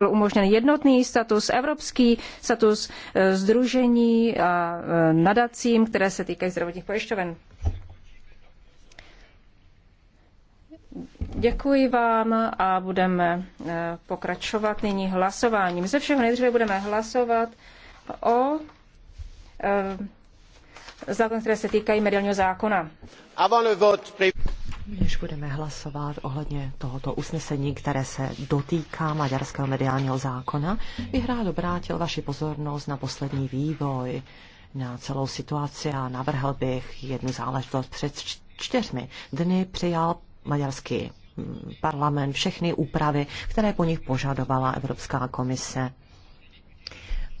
byl umožněn jednotný status, evropský status združení eh, a eh, nadacím, které se týkají zdravotních pojišťoven. Děkuji vám a budeme eh, pokračovat nyní hlasováním. Ze všeho nejdříve budeme hlasovat o zákon, které se týkají mediálního zákona než budeme hlasovat ohledně tohoto usnesení, které se dotýká maďarského mediálního zákona, bych rád obrátil vaši pozornost na poslední vývoj, na celou situaci a navrhl bych jednu záležitost. Před čtyřmi dny přijal maďarský mm, parlament všechny úpravy, které po nich požadovala Evropská komise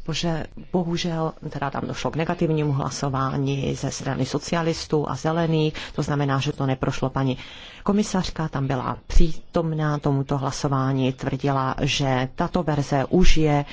protože bohužel teda tam došlo k negativnímu hlasování ze strany socialistů a zelených, to znamená, že to neprošlo paní komisařka, tam byla přítomná tomuto hlasování, tvrdila, že tato verze už je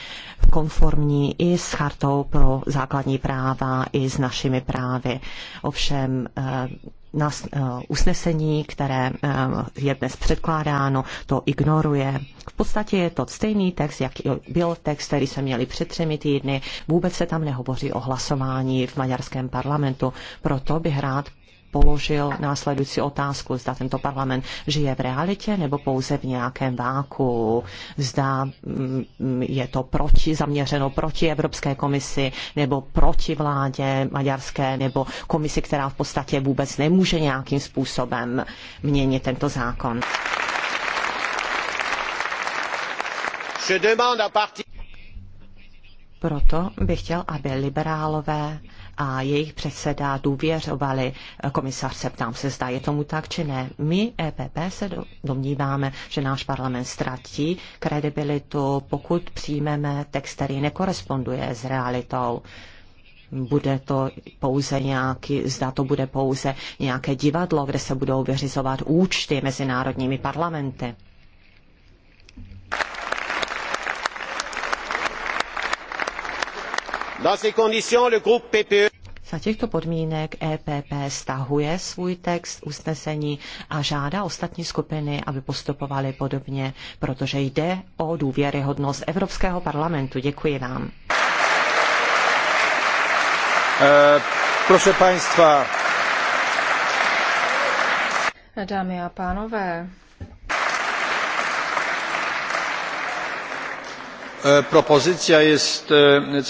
konformní i s chartou pro základní práva, i s našimi právy. Ovšem eh, na eh, usnesení, které eh, je dnes předkládáno, to ignoruje. V podstatě je to stejný text, jak byl text, který jsme měli před třemi týdny. Vůbec se tam nehovoří o hlasování v maďarském parlamentu. Proto bych rád položil následující otázku, zda tento parlament žije v realitě nebo pouze v nějakém váku, zda mm, je to proti, zaměřeno proti Evropské komisi nebo proti vládě maďarské nebo komisi, která v podstatě vůbec nemůže nějakým způsobem měnit tento zákon. Je demande à partir proto bych chtěl, aby liberálové a jejich předseda důvěřovali eh, komisařce. Ptám se, zda je tomu tak, či ne. My, EPP, se domníváme, že náš parlament ztratí kredibilitu, pokud přijmeme text, který nekoresponduje s realitou bude to pouze nějaký, zda to bude pouze nějaké divadlo, kde se budou vyřizovat účty mezinárodními parlamenty. E Za těchto podmínek EPP stahuje svůj text usnesení a žádá ostatní skupiny, aby postupovaly podobně, protože jde o důvěryhodnost Evropského parlamentu. Děkuji vám. Eh, proszę Państwa. Dámy a pánové. Eh, propozycja jest eh,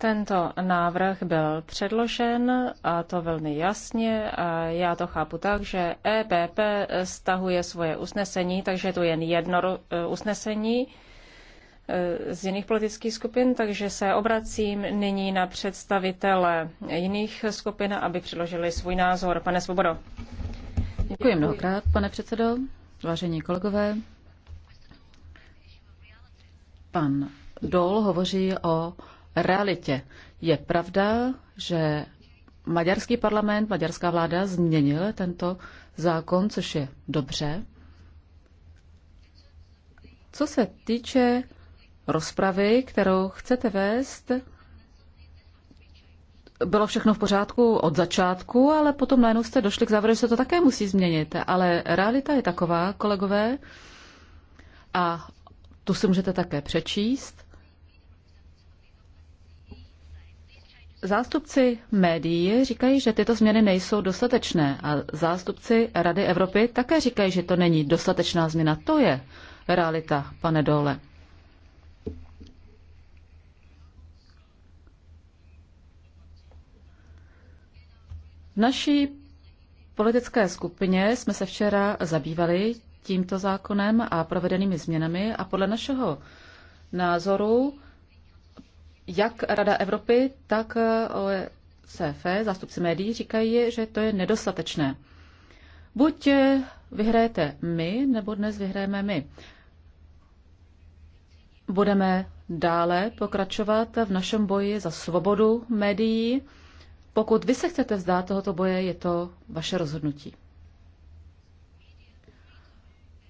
tento návrh byl předložen a to velmi jasně. A já to chápu tak, že EPP stahuje svoje usnesení, takže to jen jedno eh, usnesení eh, z jiných politických skupin, takže se obracím nyní na představitele jiných skupin, aby předložili svůj názor. Pane Svobodo. Děkuji mnohokrát, pane předsedo, vážení kolegové. Pan Dol hovoří o realitě. Je pravda, že maďarský parlament, maďarská vláda změnil tento zákon, což je dobře. Co se týče rozpravy, kterou chcete vést, bylo všechno v pořádku od začátku, ale potom najednou jste došli k závěru, že se to také musí změnit. Ale realita je taková, kolegové, a tu si můžete také přečíst, Zástupci médií říkají, že tyto změny nejsou dostatečné a zástupci Rady Evropy také říkají, že to není dostatečná změna. To je realita, pane Dole. V naší politické skupině jsme se včera zabývali tímto zákonem a provedenými změnami a podle našeho názoru jak Rada Evropy, tak CF, eh, zástupci médií, říkají, že to je nedostatečné. Buď eh, vyhráte my, nebo dnes vyhráme my. Budeme dále pokračovat v našem boji za svobodu médií. Pokud vy se chcete vzdát tohoto boje, je to vaše rozhodnutí.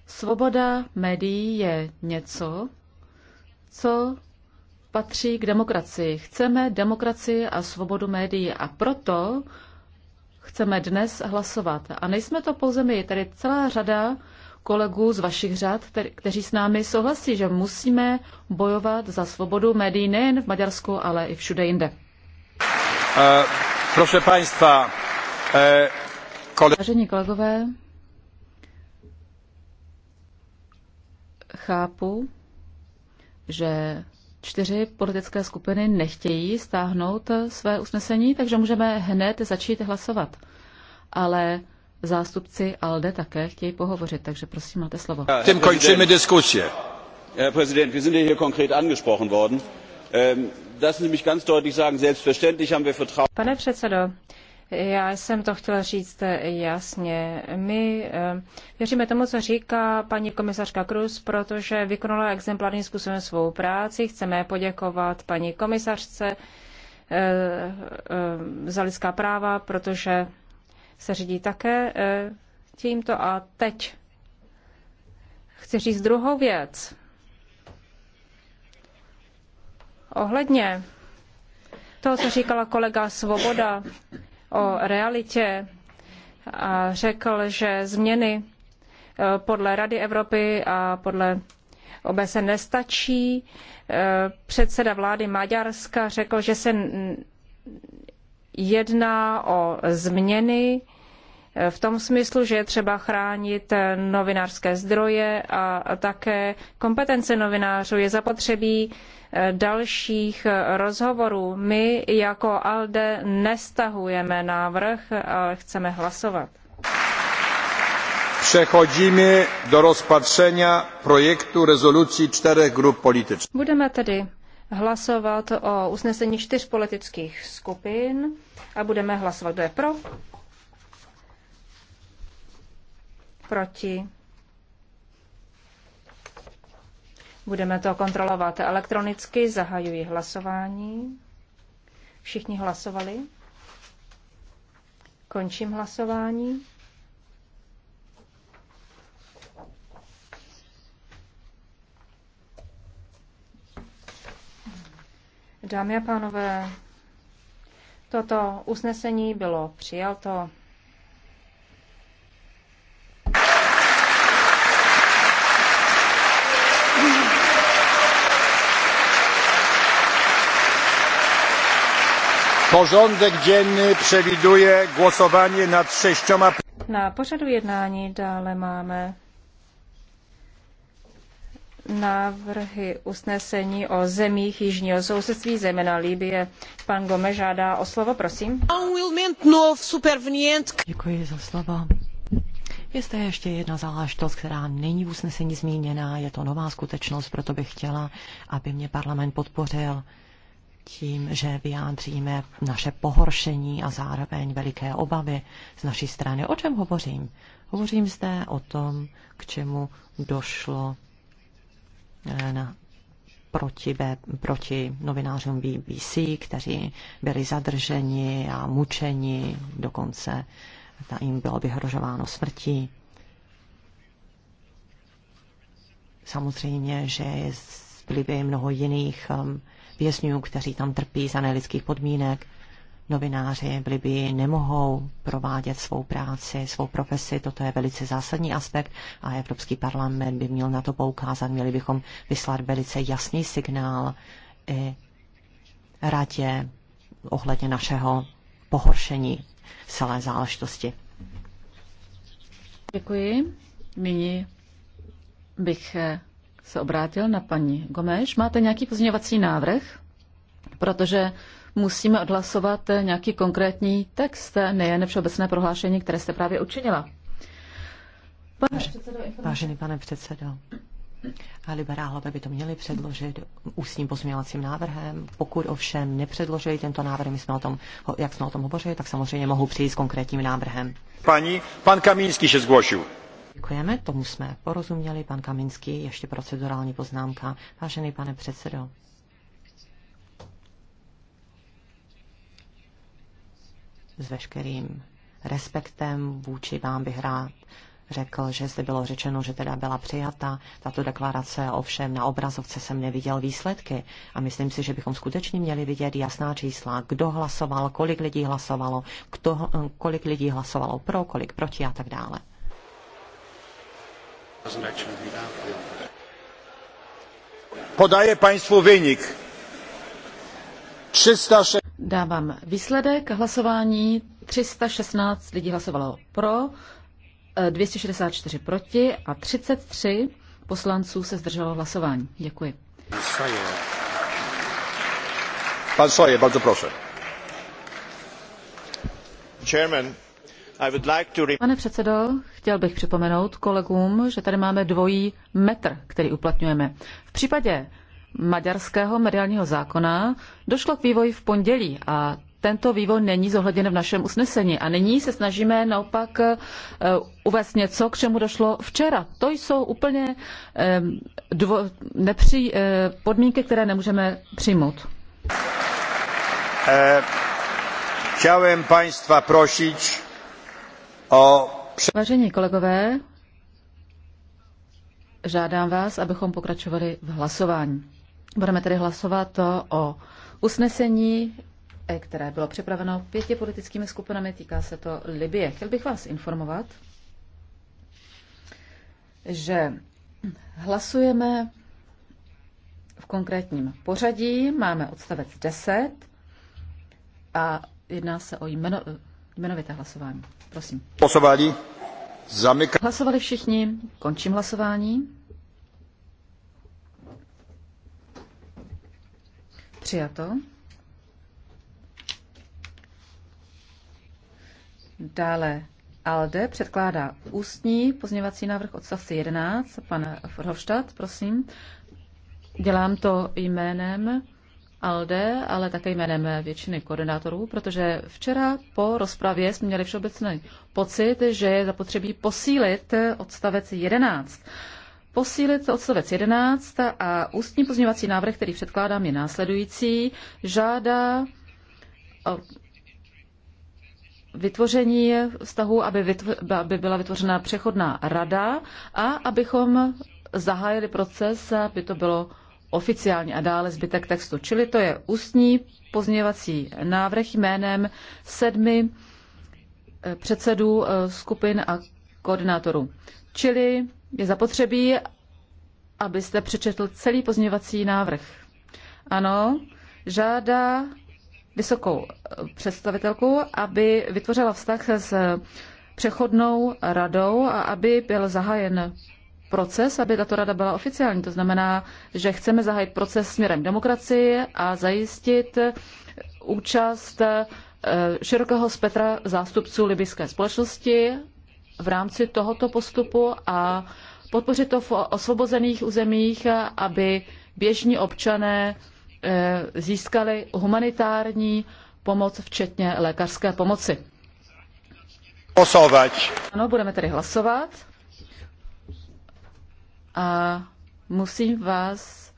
Svoboda médií je něco, co patří k demokracii. Chceme demokracii a svobodu médií a proto chceme dnes hlasovat. A nejsme to pouze my, tady celá řada kolegů z vašich řad, kteří s námi souhlasí, že musíme bojovat za svobodu médií nejen v Maďarsku, ale i všude jinde. Uh, proszę uh, kole... Vážení kolegové, chápu, že čtyři politické skupiny nechtějí stáhnout své usnesení, takže můžeme hned začít hlasovat. Ale zástupci ALDE také chtějí pohovořit, takže prosím, máte slovo. Tím končíme diskusi. Herr Präsident, wir sind hier konkret angesprochen worden. Ähm, lassen Sie mich ganz deutlich sagen, selbstverständlich haben wir Vertrauen. Pane předsedo, já jsem to chtěla říct jasně. My eh, věříme tomu, co říká paní komisařka Cruz, protože vykonala exemplární způsobem svou práci. Chceme poděkovat paní komisařce eh, eh, za lidská práva, protože se řídí také tímto. A teď chci říct druhou věc. Ohledně toho, co říkala kolega Svoboda o realitě a řekl, že změny eh, podle Rady Evropy a podle OBSE nestačí. Eh, předseda vlády Maďarska řekl, že se jedná o změny v tom smyslu, že je třeba chránit novinářské zdroje a také kompetence novinářů. Je zapotřebí eh, dalších eh, rozhovorů. My jako ALDE nestahujeme návrh, ale chceme hlasovat. Přechodíme do rozpatření projektu rezolucí čtyřech grup politických. Budeme tedy hlasovat o usnesení čtyř politických skupin a budeme hlasovat, kdo je pro, proti. Budeme to kontrolovat elektronicky, zahajuji hlasování. Všichni hlasovali. Končím hlasování. Dámy a pánové, toto usnesení bylo přijato. Porządek dzienny przewiduje głosowanie nad sześcioma... Na pořadu jednání dále máme návrhy usnesení o zemích jižního sousedství, zejména Líbie. Pan Gome žádá o slovo, prosím. Děkuji za slovo. Je zde ještě jedna záležitost, která není v usnesení zmíněna. je to nová skutečnost, proto bych chtěla, aby mě parlament podpořil tím, že vyjádříme naše pohoršení a zároveň veliké obavy z naší strany. O čem hovořím? Hovořím zde o tom, k čemu došlo eh, na proti, proti novinářům BBC, kteří byli zadrženi a mučeni, dokonce ta jim bylo vyhrožováno smrtí. Samozřejmě, že byly by mnoho jiných um, vězňů, kteří tam trpí za nelidských podmínek. Novináři v Libii nemohou provádět svou práci, svou profesi, toto je velice zásadní aspekt a Evropský parlament by měl na to poukázat. Měli bychom vyslat velice jasný signál i radě ohledně našeho pohoršení celé záležitosti. Děkuji. Nyní bych se obrátil na paní Gomeš. Máte nějaký pozměňovací návrh? Protože musíme odhlasovat nějaký konkrétní text, nejen všeobecné prohlášení, které jste právě učinila. Pane předsedo, Vážený pane předsedo, a liberálové by to měli předložit ústním pozměňovacím návrhem. Pokud ovšem nepředložili tento návrh, my jsme o tom, jak jsme o tom hovořili, tak samozřejmě mohou přijít s konkrétním návrhem. Pani, pan Kamínský se zgłosil. Děkujeme, tomu jsme porozuměli. Pan Kaminský, ještě procedurální poznámka. Vážený pane předsedo. S veškerým respektem vůči vám bych rád řekl, že zde bylo řečeno, že teda byla přijata tato deklarace, ovšem na obrazovce jsem neviděl výsledky a myslím si, že bychom skutečně měli vidět jasná čísla, kdo hlasoval, kolik lidí hlasovalo, kdo, kolik lidí hlasovalo pro, kolik proti a tak dále. Podaje Państwu wynik. 306. Dávám výsledek hlasování. 316 lidí hlasovalo pro, 264 eh, proti a 33 poslanců se zdrželo hlasování. Děkuji. Pan Soje, bardzo proszę. Chairman, Pane předsedo, chtěl bych připomenout kolegům, že tady máme dvojí metr, který uplatňujeme. V případě maďarského mediálního zákona došlo k vývoji v pondělí a tento vývoj není zohledněn v našem usnesení. A nyní se snažíme naopak eh, uvést něco, k čemu došlo včera. To jsou úplně eh, dvo, nepří, eh, podmínky, které nemůžeme přijmout. Chciałem Państwa prosić Vážení kolegové, žádám vás, abychom pokračovali v hlasování. Budeme tedy hlasovat o usnesení, eh, které bylo připraveno pěti politickými skupinami, týká se to Libie. Chtěl bych vás informovat, že hlasujeme v konkrétním pořadí. Máme odstavec 10 a jedná se o jméno, Jmenovité hlasování. Prosím. Hlasování. Zamyka... Hlasovali všichni. Končím hlasování. Přijato. Dále ALDE předkládá ústní pozměvací návrh odstavce 11. Pan Forhofstadt, prosím. Dělám to jménem ALDE, ale také jménem většiny koordinátorů, protože včera po rozpravě jsme měli všeobecný pocit, že je zapotřebí posílit odstavec 11. Posílit odstavec 11 a ústní pozměňovací návrh, který předkládám, je následující. Žádá vytvoření vztahu, aby, vytvo- aby byla vytvořena přechodná rada a abychom zahájili proces, aby to bylo oficiálně a dále zbytek textu. Čili to je ústní pozměňovací návrh jménem sedmi eh, předsedů eh, skupin a koordinátorů. Čili je zapotřebí, abyste přečetl celý pozměňovací návrh. Ano, žádá vysokou eh, představitelku, aby vytvořila vztah s přechodnou radou a aby byl zahájen proces, aby tato rada byla oficiální. To znamená, že chceme zahájit proces směrem demokracie a zajistit účast eh, širokého spektra zástupců libyské společnosti v rámci tohoto postupu a podpořit to v osvobozených územích, aby běžní občané eh, získali humanitární pomoc, včetně lékařské pomoci. Hlasovat. Ano, budeme tedy hlasovat a musím vás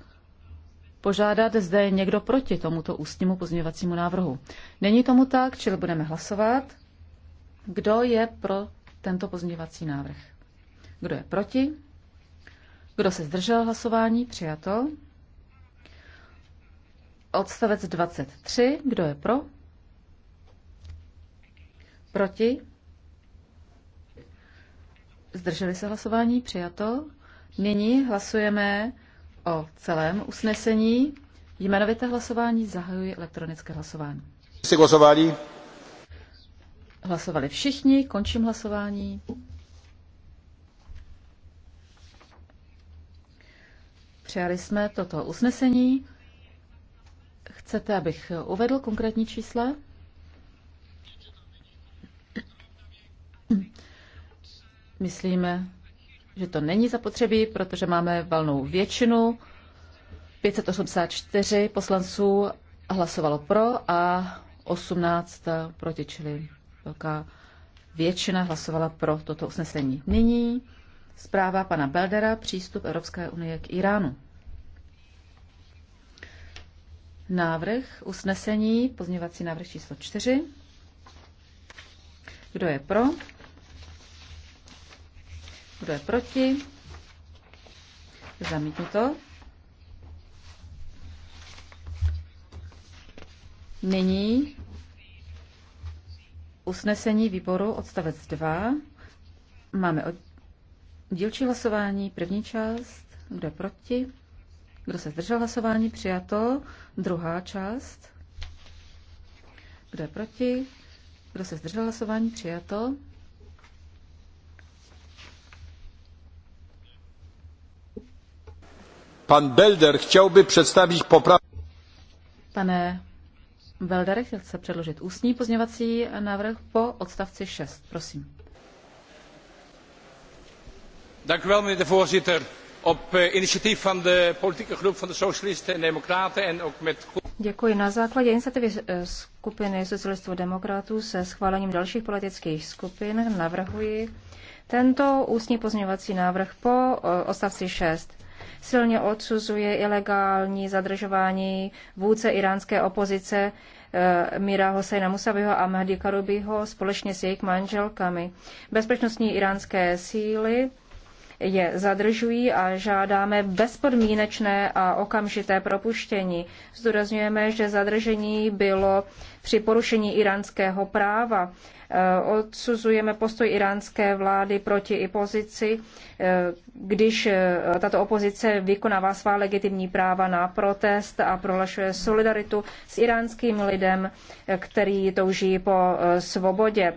požádat, zde je někdo proti tomuto ústnímu pozměňovacímu návrhu. Není tomu tak, čili budeme hlasovat. Kdo je pro tento pozměňovací návrh? Kdo je proti? Kdo se zdržel hlasování? Přijato. Odstavec 23. Kdo je pro? Proti? Zdrželi se hlasování? Přijato. Nyní hlasujeme o celém usnesení. Jmenovité hlasování zahajuji elektronické hlasování. Jste hlasovali? Hlasovali všichni, končím hlasování. Přijali jsme toto usnesení. Chcete, abych uvedl konkrétní čísla? Myslíme že to není zapotřebí, protože máme valnou většinu. 584 poslanců hlasovalo pro a 18 proti, čili velká většina hlasovala pro toto usnesení. Nyní zpráva pana Beldera, přístup Evropské unie k Iránu. Návrh usnesení, pozměňovací návrh číslo 4. Kdo je pro? Kdo je proti? Zamítnuto. Nyní usnesení výboru odstavec 2. Máme od... dílčí hlasování, první část, kdo je proti, kdo se zdržel hlasování, přijato, druhá část, kdo je proti, kdo se zdržel hlasování, přijato. Pan Belder chciałby przedstawić poprawkę. Pane Belder chce předložit ústní pozměvací návrh po odstavci 6. Prosím. Dank u wel, meneer de voorzitter. Op eh, initiatief van de politieke groep van de Socialisten en Democraten en ook met... Děkuji. Na základě iniciativy eh, skupiny socialistů demokratů se schválením dalších politických skupin navrhuji tento ústní pozměňovací návrh po eh, odstavci 6 silně odsuzuje ilegální zadržování vůdce iránské opozice eh, Mira Hosejna Musaviho a Mahdi Karubiho společně s jejich manželkami. Bezpečnostní iránské síly je zadržují a žádáme bezpodmínečné a okamžité propuštění. Zdůrazňujeme, že zadržení bylo při porušení iránského práva Eh, odsuzujeme postoj iránské vlády proti opozici, eh, když eh, tato opozice vykonává svá legitimní práva na protest a prohlašuje solidaritu s iránským lidem, který touží po svobodě.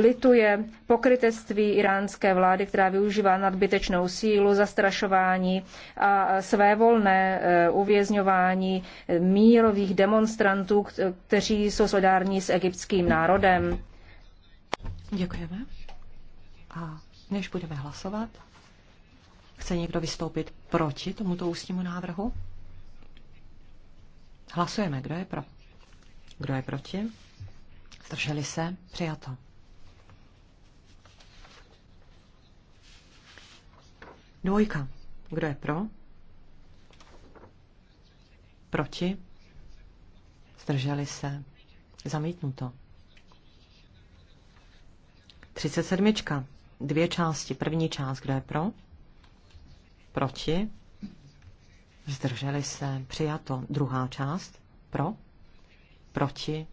Lituje pokrytectví iránské vlády, která využívá nadbytečnou sílu, zastrašování a svévolné uvězňování mírových demonstrantů, kteří jsou solidární s egyptským národem. Děkujeme. A než budeme hlasovat, chce někdo vystoupit proti tomuto ústnímu návrhu? Hlasujeme. Kdo je pro? Kdo je proti? Zdrželi se? Přijato. Dvojka. Kdo je pro? Proti? Zdrželi se? Zamítnuto. 37. Dvě části. První část, kdo je pro? Proti? Zdrželi se. Přijato. Druhá část. Pro? Proti?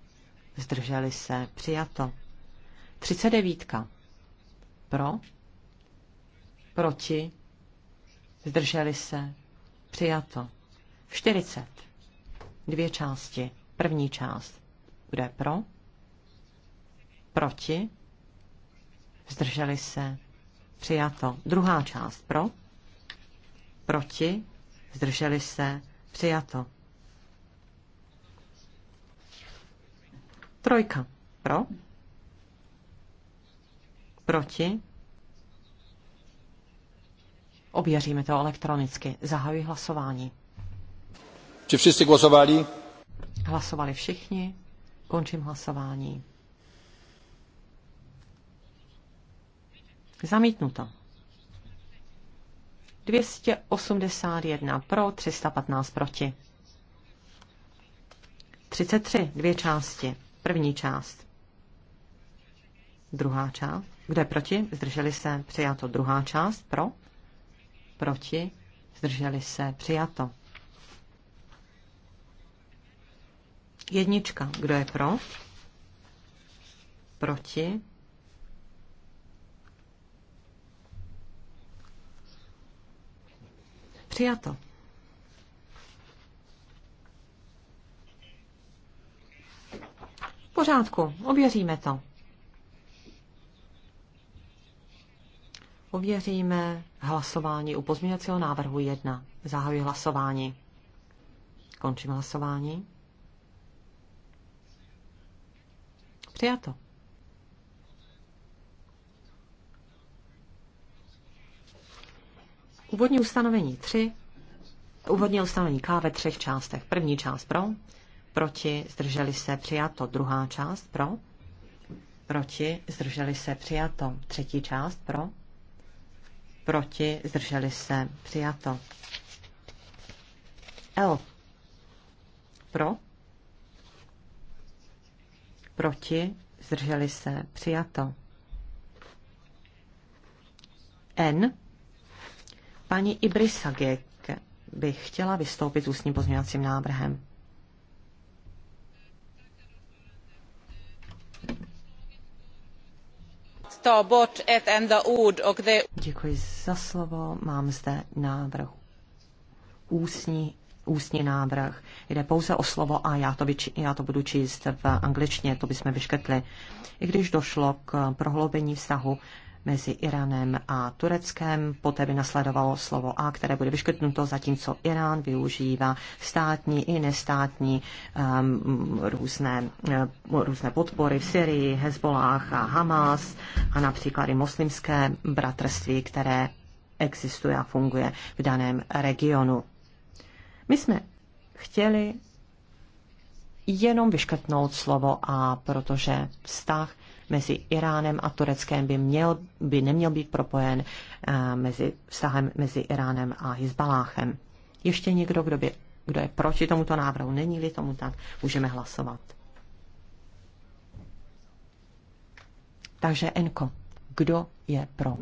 Zdrželi se. Přijato. 39. Pro? Proti? Zdrželi se. Přijato. 40. Dvě části. První část. Kdo je pro? Proti? zdrželi se, přijato. Druhá část pro, proti, zdrželi se, přijato. Trojka pro, proti, Ověříme to elektronicky. Zahajuji hlasování. Či všichni hlasovali? Hlasovali všichni. Končím hlasování. Zamítnuto. 281 pro, 315 proti. 33, dvě části. První část. Druhá část. Kdo je proti? Zdrželi se. Přijato. Druhá část. Pro. Proti. Zdrželi se. Přijato. Jednička. Kdo je pro? Proti. Přijato. V pořádku, ověříme to. Ověříme hlasování u pozměňovacího návrhu 1. Zahajuji hlasování. Končím hlasování. Přijato. Úvodní ustanovení 3, úvodní ustanovení K ve třech částech. První část pro, proti, zdrželi se, přijato. Druhá část pro, proti, zdrželi se, přijato. Třetí část pro, proti, zdrželi se, přijato. L. Pro, proti, zdrželi se, přijato. N Paní Ibrisagek by chtěla vystoupit s ústním pozměňovacím návrhem. Děkuji za slovo. Mám zde návrh. Ústní, ústní návrh. Jde pouze o slovo a já to, vyči, já to budu číst v angličtině, to bychom vyškrtli. I když došlo k prohloubení vztahu mezi Iránem a Tureckem. Poté by nasledovalo slovo A, které bude vyškrtnuto, zatímco Irán využívá státní i nestátní um, různé, um, různé podpory v Syrii, Hezbolách a Hamas a například i muslimské bratrství, které existuje a funguje v daném regionu. My jsme chtěli jenom vyškrtnout slovo a protože vztah mezi Iránem a Tureckem by, měl, by neměl být propojen eh, mezi vztahem mezi Iránem a Hezbaláchem. Ještě někdo, kdo, by, kdo je proti tomuto návrhu? Není-li tomu tak, můžeme hlasovat. Takže Enko, kdo je pro?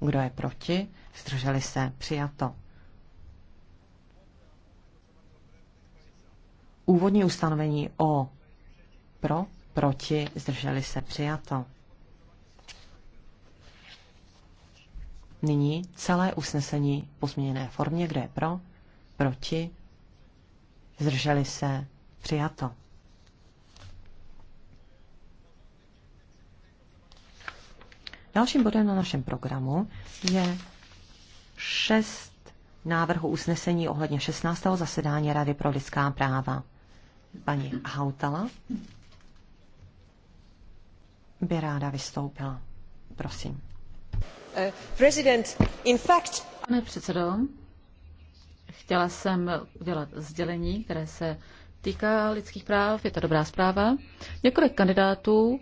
Kdo je proti? Zdrželi se, přijato. Úvodní ustanovení O pro, proti, zdrželi se přijato. Nyní celé usnesení po změněné formě, kde je pro, proti, zdrželi se přijato. Dalším bodem na našem programu je šest návrhů usnesení ohledně 16. zasedání Rady pro lidská práva. Paní Hautala by ráda vystoupila. Prosím. Eh, Pane předsedo, chtěla jsem udělat sdělení, které se týká lidských práv. Je to dobrá zpráva. Několik kandidátů,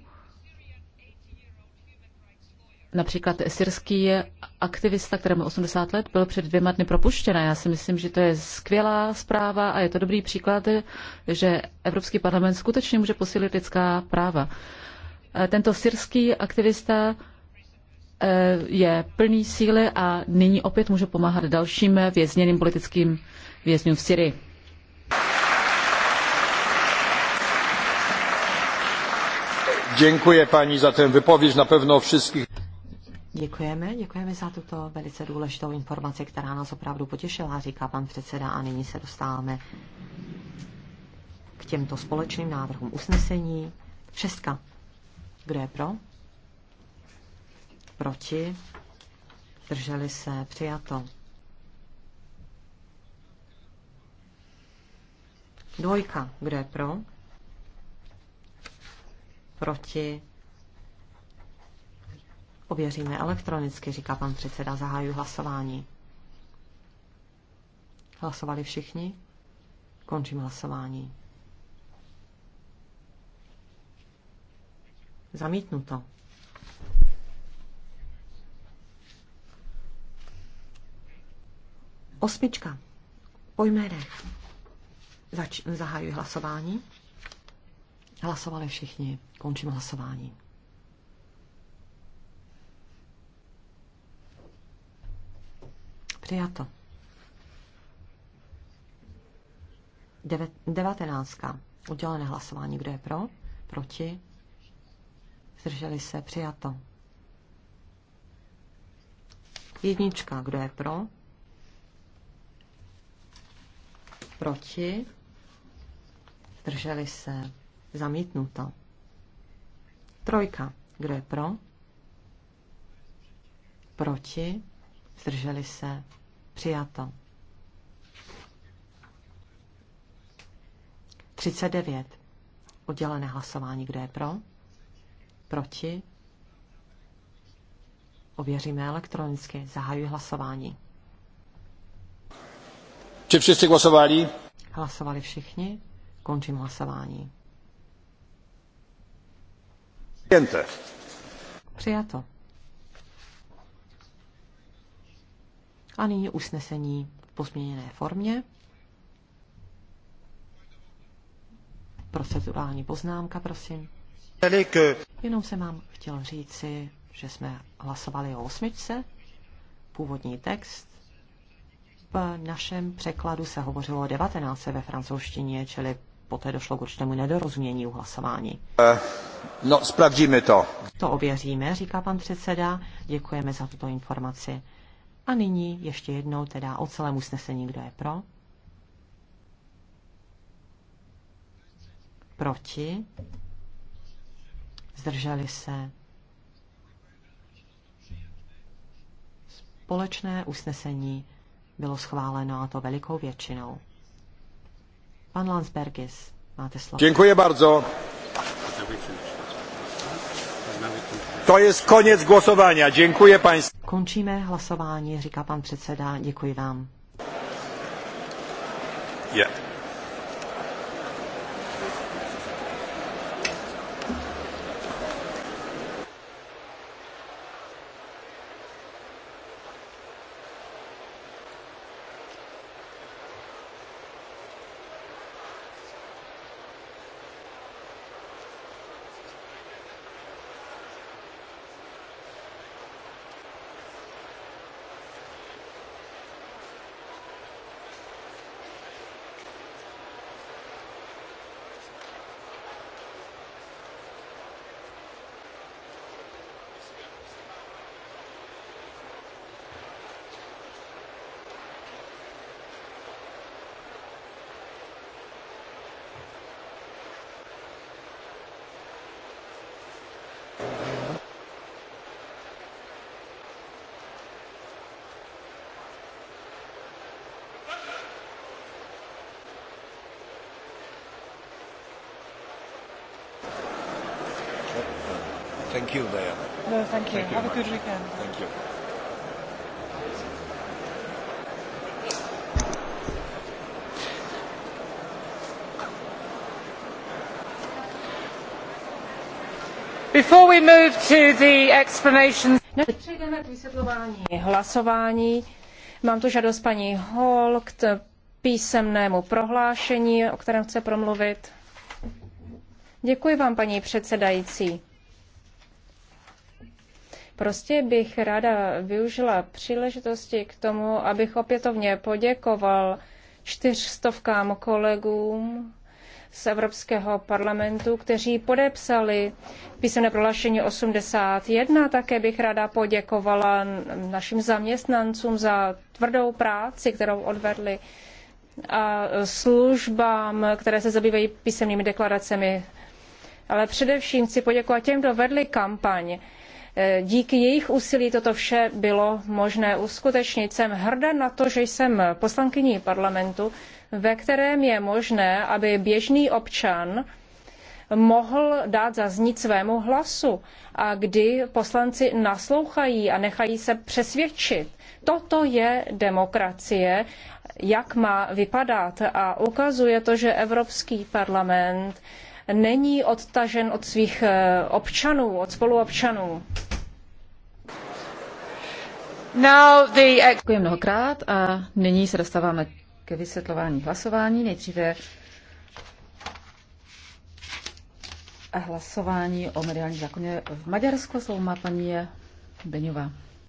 například syrský aktivista, kterému 80 let, byl před dvěma dny propuštěn. Já si myslím, že to je skvělá zpráva a je to dobrý příklad, že Evropský parlament skutečně může posílit lidská práva. Eh, tento syrský aktivista eh, je plný síly a nyní opět může pomáhat dalším vězněným politickým vězňům v Syrii. Děkuji paní za ten vypověď, na pevno všech. Děkujeme, děkujeme za tuto velice důležitou informaci, která nás opravdu potěšila, říká pan předseda a nyní se dostáváme k těmto společným návrhům usnesení. Šestka. Kdo je pro? Proti? Drželi se? Přijato. Dvojka. Kdo je pro? Proti? Ověříme elektronicky, říká pan předseda. Zahájí hlasování. Hlasovali všichni? Končím hlasování. Zamítnuto. Osmička. Po jménech. Zač- zahajuji hlasování. Hlasovali všichni. Končím hlasování. Přijato. Deve- devatenáctka. Udělené hlasování. Kdo je pro? Proti? Zdrželi se? Přijato. Jednička. Kdo je pro? Proti? Zdrželi se? Zamítnuto. Trojka. Kdo je pro? Proti? Zdrželi se? Přijato. 39. Oddělené hlasování. Kdo je pro? Proti? Ověříme elektronicky. Zahajuji hlasování. Či všichni hlasovali? Hlasovali všichni. Končím hlasování. Přijato. Přijato. A nyní usnesení v pozměněné formě. Procedurální poznámka, prosím. Jenom jsem vám chtěl říci, že jsme hlasovali o osmičce, původní text. V našem překladu se hovořilo o 19 ve francouzštině, čili poté došlo k určitému nedorozumění u hlasování. Eh, no, spravdíme to. To ověříme, říká pan předseda. Děkujeme za tuto informaci. A nyní ještě jednou teda o celém usnesení, kdo je pro. Proti zdrželi se. Společné usnesení bylo schváleno a to velikou většinou. Pan Landsbergis, máte slovo. Děkuji bardzo. To je konec hlasování. Děkuji paní. Končíme hlasování, říká pan předseda. Děkuji vám. Yeah. Thank you, Diana. No, thank you. Thank you Have a good weekend. Thank you. Before we move to the explanation... No, přejdeme k vysvětlování hlasování, mám tu žádost paní Hall k písemnému prohlášení, o kterém chce promluvit. Děkuji vám, paní předsedající. Prostě bych ráda využila příležitosti k tomu, abych opětovně poděkoval čtyřstovkám kolegům z Evropského parlamentu, kteří podepsali písemné prohlášení 81. Také bych ráda poděkovala našim zaměstnancům za tvrdou práci, kterou odvedli a službám, které se zabývají písemnými deklaracemi. Ale především chci poděkovat těm, kdo vedli kampaň díky jejich úsilí toto vše bylo možné uskutečnit. Jsem hrdá na to, že jsem poslankyní parlamentu, ve kterém je možné, aby běžný občan mohl dát zaznít svému hlasu a kdy poslanci naslouchají a nechají se přesvědčit. Toto je demokracie, jak má vypadat a ukazuje to, že Evropský parlament není odtažen od svých eh, občanů, od spoluobčanů. The... Děkuji mnohokrát a nyní se dostáváme ke vysvětlování hlasování. Nejdříve hlasování o mediálním zákoně v Maďarsku. Slovo má paní Beňová.